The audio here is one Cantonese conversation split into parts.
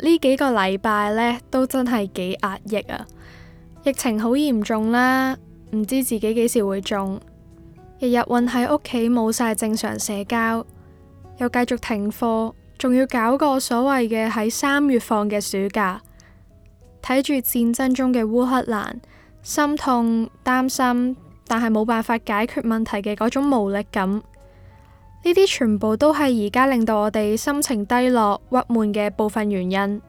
呢幾個禮拜呢都真係幾壓抑啊！疫情好嚴重啦，唔知自己幾時會中，日日困喺屋企，冇晒正常社交，又繼續停課，仲要搞個所謂嘅喺三月放嘅暑假，睇住戰爭中嘅烏克蘭，心痛擔心，但係冇辦法解決問題嘅嗰種無力感。呢啲全部都係而家令到我哋心情低落、鬱悶嘅部分原因。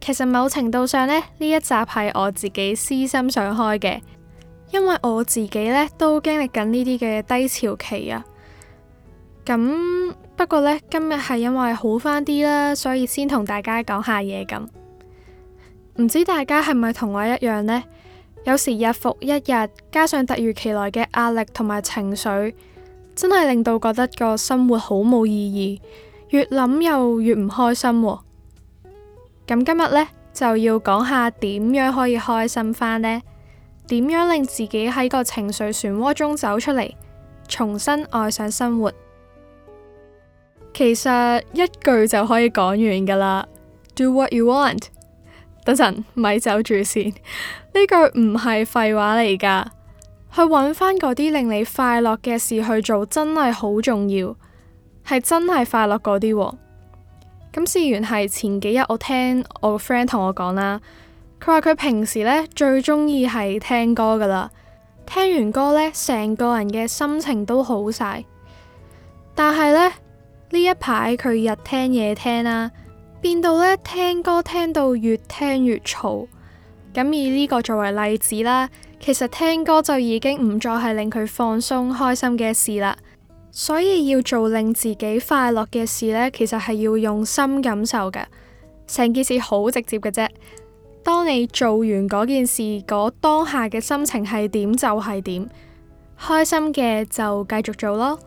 其實某程度上呢，呢一集係我自己私心想開嘅，因為我自己呢都經歷緊呢啲嘅低潮期啊。咁不過呢，今日係因為好翻啲啦，所以先同大家講下嘢咁。唔知大家係咪同我一樣呢？有時日復一日，加上突如其來嘅壓力同埋情緒。真係令到覺得個生活好冇意義，越諗又越唔開心啊。咁今日呢，就要講下點樣可以開心翻呢？點樣令自己喺個情緒漩渦中走出嚟，重新愛上生活？其實一句就可以講完噶啦。Do what you want 等等。等陣咪走住先，呢 句唔係廢話嚟噶。去揾返嗰啲令你快樂嘅事去做，真係好重要，係真係快樂嗰啲喎。咁事緣係前幾日我聽我個 friend 同我講啦，佢話佢平時呢最鍾意係聽歌㗎喇，聽完歌呢，成個人嘅心情都好晒。但係呢，呢一排佢日聽夜聽啦、啊，變到呢聽歌聽到越聽越嘈。咁以呢個作為例子啦。其實聽歌就已經唔再係令佢放鬆開心嘅事啦，所以要做令自己快樂嘅事呢，其實係要用心感受嘅。成件事好直接嘅啫。當你做完嗰件事，嗰當下嘅心情係點就係點，開心嘅就繼續做咯，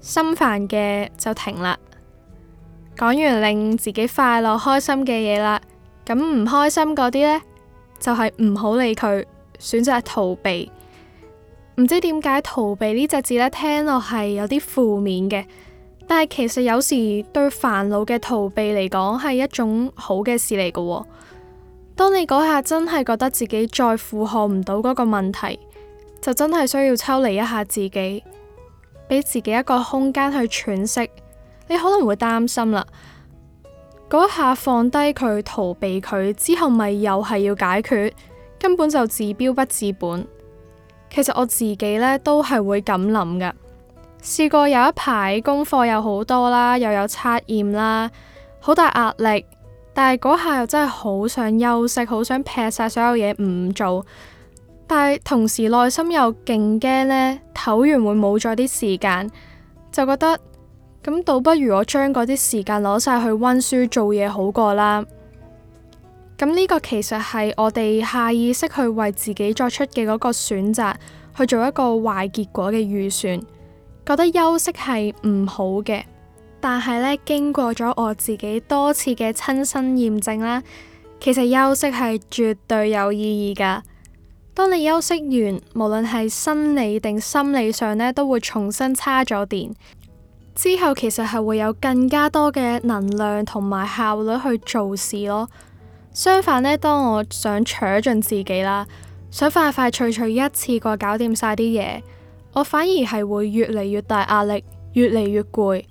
心煩嘅就停啦。講完令自己快樂開心嘅嘢啦，咁唔開心嗰啲呢，就係唔好理佢。選擇逃避，唔知點解逃避呢隻字呢，聽落係有啲負面嘅，但係其實有時對煩惱嘅逃避嚟講係一種好嘅事嚟嘅喎。當你嗰下真係覺得自己再負荷唔到嗰個問題，就真係需要抽離一下自己，俾自己一個空間去喘息。你可能會擔心啦，嗰下放低佢逃避佢之後，咪又係要解決。根本就治標不治本。其實我自己呢，都係會咁諗噶，試過有一排功課又好多啦，又有測驗啦，好大壓力。但係嗰下又真係好想休息，好想劈晒所有嘢唔做。但係同時內心又勁驚呢，唞完會冇咗啲時間，就覺得咁倒不如我將嗰啲時間攞晒去溫書做嘢好過啦。咁呢個其實係我哋下意識去為自己作出嘅嗰個選擇，去做一個壞結果嘅預算，覺得休息係唔好嘅。但係咧，經過咗我自己多次嘅親身驗證啦，其實休息係絕對有意義噶。當你休息完，無論係生理定心理上咧，都會重新叉咗電之後，其實係會有更加多嘅能量同埋效率去做事咯。相反呢，當我想扯盡自己啦，想快快脆脆一次過搞掂晒啲嘢，我反而係會越嚟越大壓力，越嚟越攰。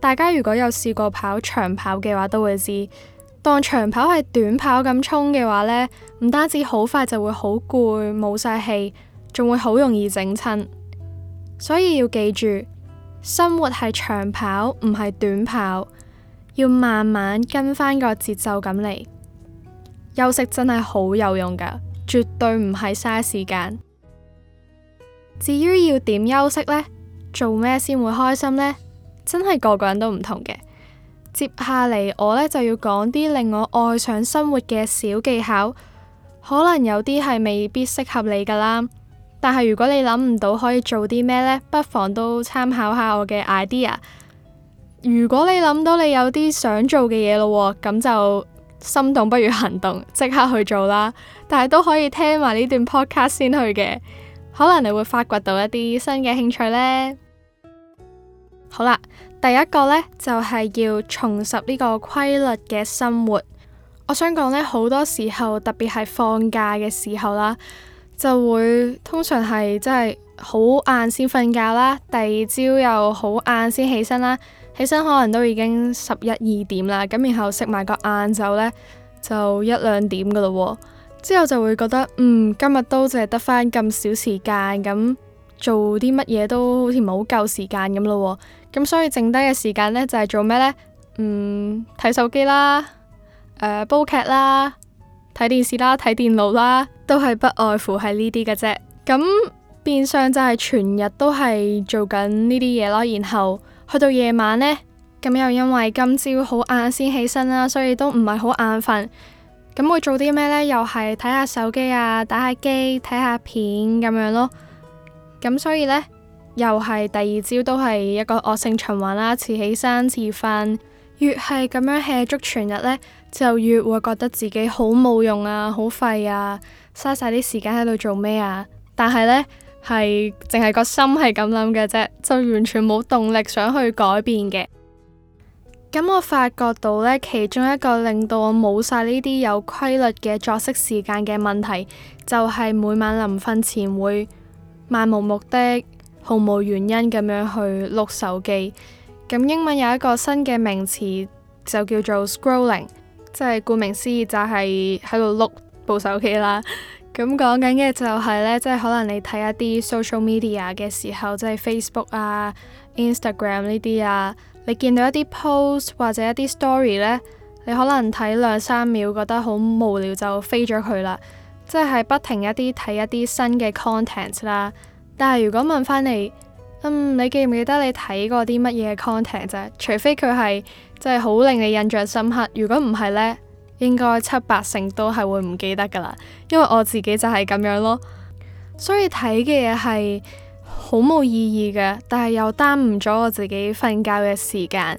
大家如果有試過跑長跑嘅話，都會知當長跑係短跑咁衝嘅話呢，唔單止好快就會好攰，冇晒氣，仲會好容易整親。所以要記住，生活係長跑，唔係短跑，要慢慢跟翻個節奏咁嚟。休息真係好有用噶，絕對唔係嘥時間。至於要點休息呢？做咩先會開心呢？真係個個人都唔同嘅。接下嚟我呢，就要講啲令我愛上生活嘅小技巧，可能有啲係未必適合你噶啦。但係如果你諗唔到可以做啲咩呢，不妨都參考下我嘅 idea。如果你諗到你有啲想做嘅嘢咯，咁就。心動不如行動，即刻去做啦！但係都可以聽埋呢段 podcast 先去嘅，可能你會發掘到一啲新嘅興趣呢。 好啦，第一個呢，就係、是、要重拾呢個規律嘅生活。我想講呢，好多時候，特別係放假嘅時候啦，就會通常係真係好晏先瞓覺啦，第二朝又好晏先起身啦。起身可能都已經十一二點啦，咁然後食埋個晏就呢，就一兩點噶咯喎，之後就會覺得，嗯今日都淨係得翻咁少時間，咁做啲乜嘢都好似唔係好夠時間咁咯喎，咁所以剩低嘅時間呢，就係、是、做咩呢？嗯，睇手機啦，煲、呃、劇啦，睇電視啦，睇電腦啦，都係不外乎係呢啲嘅啫。咁變相就係全日都係做緊呢啲嘢咯，然後。去到夜晚呢，咁又因為今朝好晏先起身啦，所以都唔係好眼瞓。咁會做啲咩呢？又係睇下手機啊，打下機，睇下片咁樣咯。咁所以呢，又係第二朝都係一個惡性循環啦，啊，遲起身，遲瞓，越係咁樣 hea 足全日呢，就越會覺得自己好冇用啊，好廢啊，嘥晒啲時間喺度做咩啊？但係呢。係淨係個心係咁諗嘅啫，就完全冇動力想去改變嘅。咁我發覺到呢，其中一個令到我冇晒呢啲有規律嘅作息時間嘅問題，就係每晚臨瞓前會漫無目的、毫無原因咁樣去碌手機。咁英文有一個新嘅名詞就叫做 scrolling，即係顧名思義就係喺度碌部手機啦。咁講緊嘅就係呢，即係可能你睇一啲 social media 嘅時候，即係 Facebook 啊、Instagram 呢啲啊，你見到一啲 post 或者一啲 story 呢，你可能睇兩三秒，覺得好無聊就飛咗佢啦。即係不停一啲睇一啲新嘅 content 啦。但係如果問翻你，嗯，你記唔記得你睇過啲乜嘢 content 啫？除非佢係即係好令你印象深刻。如果唔係呢，應該七八成都係會唔記得噶啦，因為我自己就係咁樣咯。所以睇嘅嘢係好冇意義嘅，但係又耽誤咗我自己瞓覺嘅時間。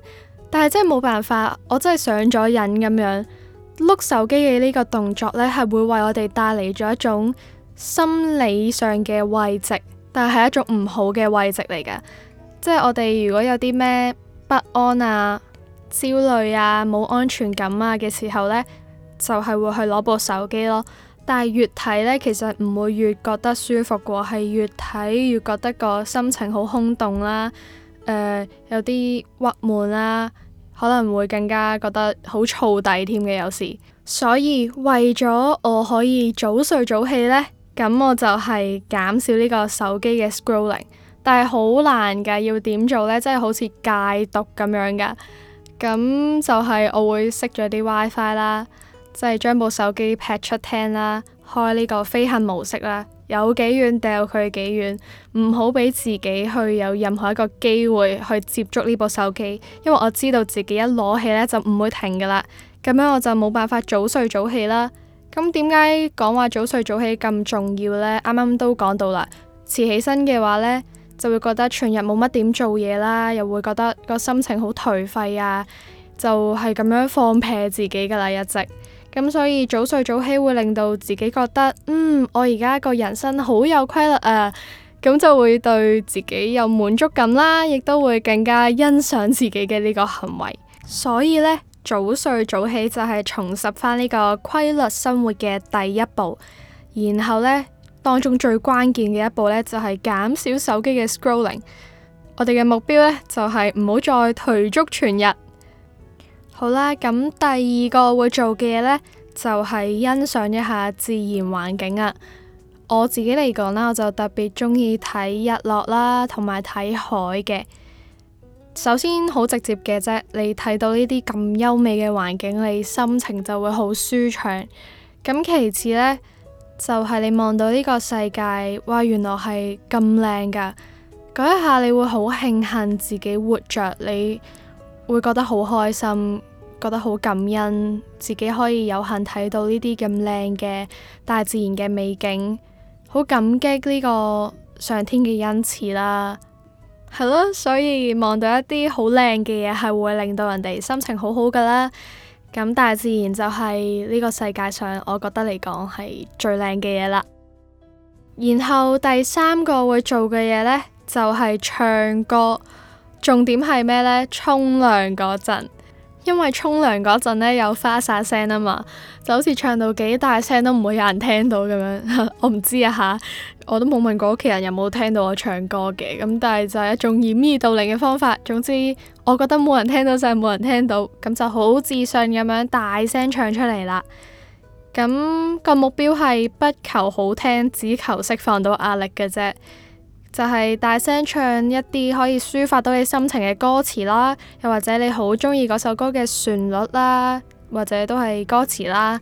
但係真係冇辦法，我真係上咗癮咁樣碌手機嘅呢個動作呢，係會為我哋帶嚟咗一種心理上嘅慰藉，但係一種唔好嘅慰藉嚟㗎。即係我哋如果有啲咩不安啊～焦慮啊，冇安全感啊嘅時候呢，就係會去攞部手機咯。但係越睇呢，其實唔會越覺得舒服嘅，係越睇越覺得個心情好空洞啦，誒，有啲鬱悶啦，可能會更加覺得好燥底添嘅有時。所以為咗我可以早睡早起呢，咁我就係減少呢個手機嘅 scrolling，但係好難噶，要點做呢？真係好似戒毒咁樣噶。咁就係我會熄咗啲 WiFi 啦，即係將部手機劈出廳啦，開呢個飛行模式啦，有幾遠掉佢幾遠，唔好俾自己去有任何一個機會去接觸呢部手機，因為我知道自己一攞起呢就唔會停噶啦，咁樣我就冇辦法早睡早起啦。咁點解講話早睡早起咁重要呢？啱啱都講到啦，遲起身嘅話呢。就會覺得全日冇乜點做嘢啦，又會覺得個心情好頹廢啊，就係咁樣放屁自己噶啦一直。咁所以早睡早起會令到自己覺得，嗯，我而家個人生好有規律啊，咁就會對自己有滿足感啦，亦都會更加欣賞自己嘅呢個行為。所以呢，早睡早起就係重拾翻呢個規律生活嘅第一步。然後呢。當中最關鍵嘅一步呢，就係、是、減少手機嘅 scrolling。我哋嘅目標呢，就係唔好再頹足全日。好啦，咁第二個會做嘅嘢呢，就係、是、欣賞一下自然環境啊。我自己嚟講啦，我就特別中意睇日落啦，同埋睇海嘅。首先好直接嘅啫，你睇到呢啲咁優美嘅環境，你心情就會好舒暢。咁其次呢。就係你望到呢個世界，哇，原來係咁靚噶嗰一下你會好慶幸自己活着，你會覺得好開心，覺得好感恩，自己可以有幸睇到呢啲咁靚嘅大自然嘅美景，好感激呢個上天嘅恩賜啦。係咯，所以望到一啲好靚嘅嘢，係會令到人哋心情好好噶啦。咁大自然就係呢個世界上，我覺得嚟講係最靚嘅嘢啦。然後第三個會做嘅嘢呢，就係唱歌。重點係咩呢？沖涼嗰陣。因為沖涼嗰陣咧有花灑聲啊嘛，就好似唱到幾大聲都唔會有人聽到咁樣。 我唔知啊吓，我都冇問過屋企人有冇聽到我唱歌嘅。咁但係就係一種掩耳盜鈴嘅方法。總之我覺得冇人聽到就係冇人聽到，咁就好自信咁樣大聲唱出嚟啦。咁個目標係不求好聽，只求釋放到壓力嘅啫。就係大聲唱一啲可以抒發到你心情嘅歌詞啦，又或者你好中意嗰首歌嘅旋律啦，或者都係歌詞啦。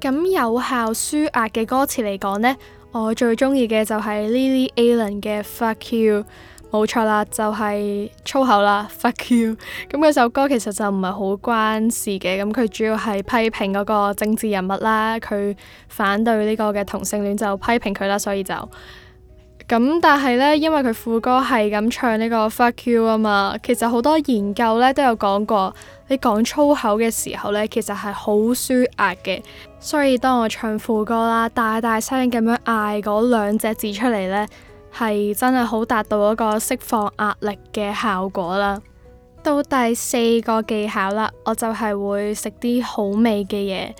咁有效舒壓嘅歌詞嚟講呢，我最中意嘅就係 Lily Allen 嘅 Fuck You，冇錯啦，就係粗口啦，Fuck You。咁嗰首歌其實就唔係好關事嘅，咁佢主要係批評嗰個政治人物啦，佢反對呢個嘅同性戀就批評佢啦，所以就。咁但係呢，因為佢副歌係咁唱呢個 fuck you 啊嘛。其實好多研究呢都有講過，你講粗口嘅時候呢，其實係好舒壓嘅。所以當我唱副歌啦，大大聲咁樣嗌嗰兩隻字出嚟，呢係真係好達到一個釋放壓力嘅效果啦。到第四個技巧啦，我就係會食啲好味嘅嘢。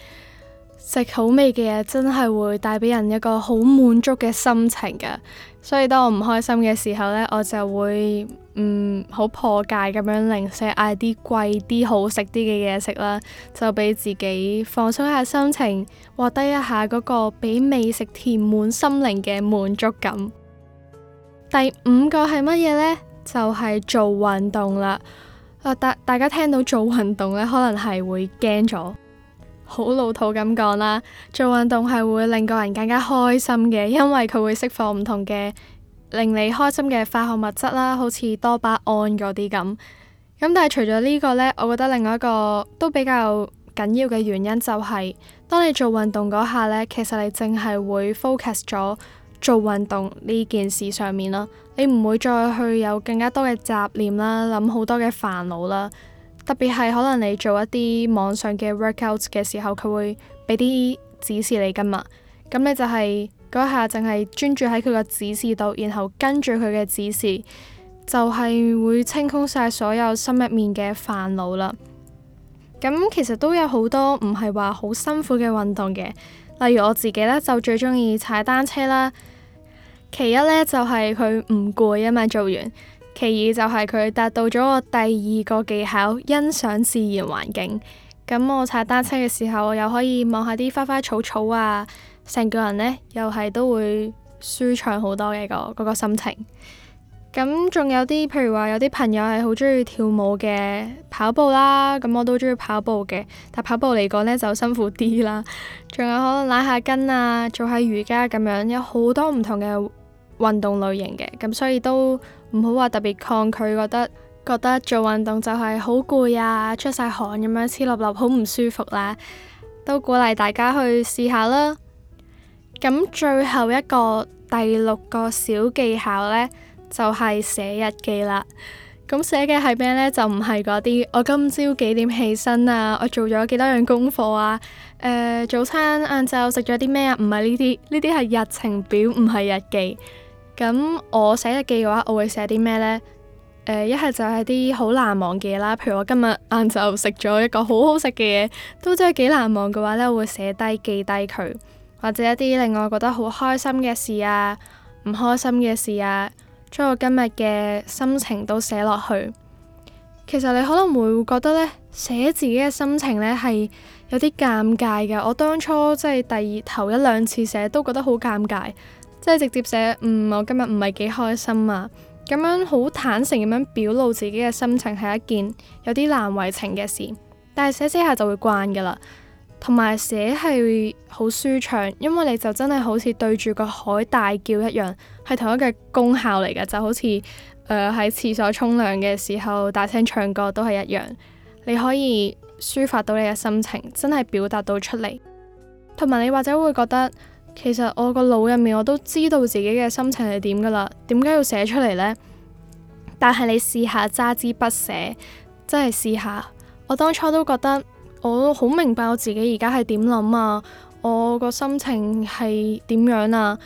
食好味嘅嘢真係會帶俾人一個好滿足嘅心情噶，所以當我唔開心嘅時候呢，我就會嗯好破戒咁樣零舍嗌啲貴啲、好食啲嘅嘢食啦，就俾自己放鬆下心情，獲得一下嗰個俾美食填滿心靈嘅滿足感。第五個係乜嘢呢？就係、是、做運動啦。啊、呃，大大家聽到做運動呢，可能係會驚咗。好老土咁講啦，做運動係會令個人更加開心嘅，因為佢會釋放唔同嘅令你開心嘅化學物質啦，好似多巴胺嗰啲咁。咁但係除咗呢個呢，我覺得另外一個都比較緊要嘅原因就係，當你做運動嗰下呢，其實你淨係會 focus 咗做運動呢件事上面啦，你唔會再去有更加多嘅雜念啦，諗好多嘅煩惱啦。特別係可能你做一啲網上嘅 workout 嘅時候，佢會俾啲指示你噶嘛，咁你就係嗰一下淨係專注喺佢個指示度，然後跟住佢嘅指示，就係會清空晒所有心入面嘅煩惱啦。咁其實都有好多唔係話好辛苦嘅運動嘅，例如我自己呢，就最中意踩單車啦，其一呢，就係佢唔攰啊嘛，做完。其二就係佢達到咗我第二個技巧，欣賞自然環境。咁我踩單車嘅時候，我又可以望下啲花花草草啊，成個人呢又係都會舒暢好多嘅個嗰個心情。咁仲有啲，譬如話有啲朋友係好中意跳舞嘅，跑步啦，咁我都中意跑步嘅。但跑步嚟講呢，就辛苦啲啦，仲有可能拉下筋啊，做下瑜伽咁樣，有好多唔同嘅，運動類型嘅，咁所以都唔好話特別抗拒，覺得覺得做運動就係好攰啊，出晒汗咁樣黐粒粒，好唔舒服啦，都鼓勵大家去試下啦。咁最後一個第六個小技巧呢，就係寫日記啦。咁寫嘅係咩呢？就唔係嗰啲我今朝幾點起身啊，我做咗幾多樣功課啊，誒早餐晏晝食咗啲咩啊，唔係呢啲，呢啲係日程表，唔係日記。咁我寫日記嘅話，我會寫啲咩呢？誒、呃，一係就係啲好難忘嘅嘢啦，譬如我今日晏晝食咗一個好好食嘅嘢，都真係幾難忘嘅話呢，我會寫低記低佢，或者一啲令我覺得好開心嘅事啊，唔開心嘅事啊，將我今日嘅心情都寫落去。其實你可能會會覺得呢，寫自己嘅心情呢係有啲尷尬嘅。我當初即係第二頭一兩次寫都覺得好尷尬。即係直接寫嗯，我今日唔係幾開心啊，咁樣好坦誠咁樣表露自己嘅心情係一件有啲難為情嘅事，但係寫寫下就會慣噶啦，同埋寫係好舒暢，因為你就真係好似對住個海大叫一樣，係同一個功效嚟噶。就好似誒，喺廁所沖涼嘅時候大聲唱歌都係一樣，你可以抒發到你嘅心情，真係表達到出嚟，同埋你或者會覺得。其實我個腦入面，我都知道自己嘅心情係點噶啦，點解要寫出嚟呢？但係你試下揸支筆寫，真係試下。我當初都覺得，我都好明白我自己而家係點諗啊，我個心情係點樣啊。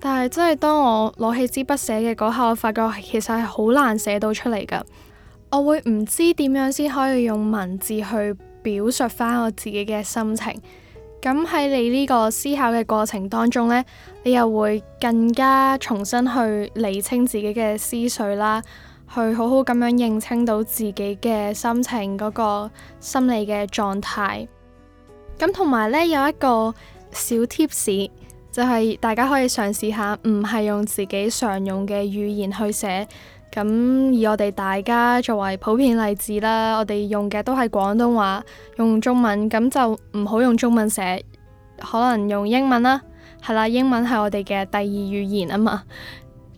但係真係當我攞起支筆寫嘅嗰下，我發覺其實係好難寫到出嚟噶。我會唔知點樣先可以用文字去表述翻我自己嘅心情。咁喺你呢個思考嘅過程當中呢，你又會更加重新去理清自己嘅思緒啦，去好好咁樣認清到自己嘅心情嗰個心理嘅狀態。咁同埋呢，有一個小 tips，就係大家可以嘗試下，唔係用自己常用嘅語言去寫。咁以我哋大家作為普遍例子啦，我哋用嘅都係廣東話，用中文，咁就唔好用中文寫，可能用英文啦，係啦，英文係我哋嘅第二語言啊嘛。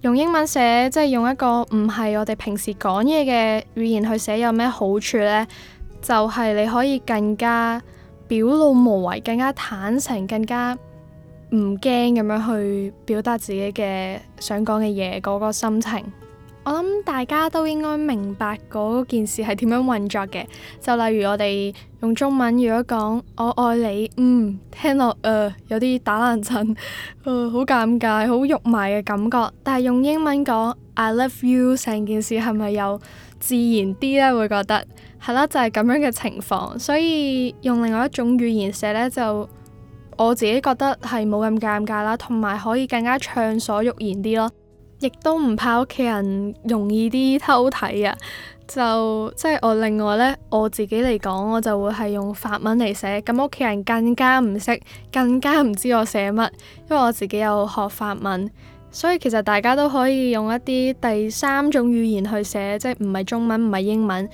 用英文寫，即係用一個唔係我哋平時講嘢嘅語言去寫，有咩好處呢？就係、是、你可以更加表露無遺，更加坦誠，更加唔驚咁樣去表達自己嘅想講嘅嘢，嗰、那個心情。我諗大家都應該明白嗰件事係點樣運作嘅，就例如我哋用中文如果講我愛你，嗯，聽落誒、呃、有啲打冷震，誒、呃、好尷尬，好肉麻嘅感覺。但係用英文講 I love you，成件事係咪又自然啲呢？會覺得係啦，就係、是、咁樣嘅情況。所以用另外一種語言寫呢，就我自己覺得係冇咁尷尬啦，同埋可以更加暢所欲言啲咯。亦都唔怕屋企人容易啲偷睇啊！就即係我另外呢，我自己嚟講，我就會係用法文嚟寫。咁屋企人更加唔識，更加唔知我寫乜，因為我自己有學法文。所以其實大家都可以用一啲第三種語言去寫，即係唔係中文，唔係英文，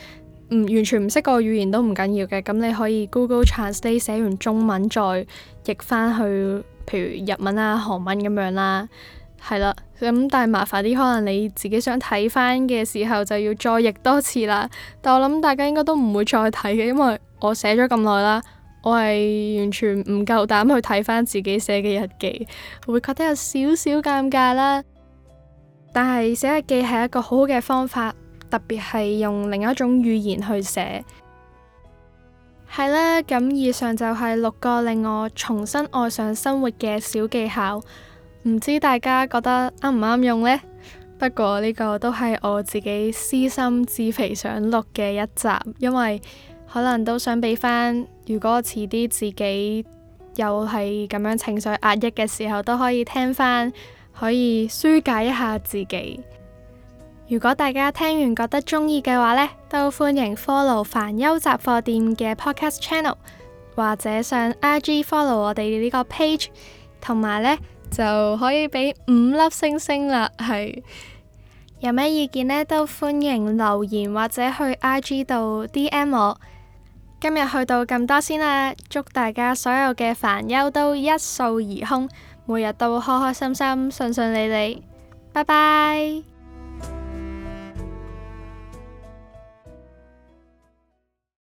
唔完全唔識嗰個語言都唔緊要嘅。咁你可以 Google Translate 寫完中文再譯翻去，譬如日文啊、韓文咁樣啦。係啦，咁但係麻煩啲，可能你自己想睇翻嘅時候就要再譯多次啦。但我諗大家應該都唔會再睇嘅，因為我寫咗咁耐啦，我係完全唔夠膽去睇翻自己寫嘅日記，會覺得有少少尷尬啦。但係寫日記係一個好好嘅方法，特別係用另一種語言去寫。係啦，咁以上就係六個令我重新愛上生活嘅小技巧。唔知大家覺得啱唔啱用呢？不過呢個都係我自己私心自肥想錄嘅一集，因為可能都想俾翻。如果我遲啲自己又係咁樣情緒壓抑嘅時候，都可以聽翻，可以疏解一下自己。如果大家聽完覺得鍾意嘅話呢，都歡迎 follow 煩憂雜貨店嘅 podcast channel，或者上 IG follow 我哋呢個 page，同埋呢。就可以俾五粒星星啦，係有咩意見呢？都歡迎留言或者去 I G 度 D M 我。今日去到咁多先啦，祝大家所有嘅煩憂都一掃而空，每日都開開心心、順順利利，拜拜。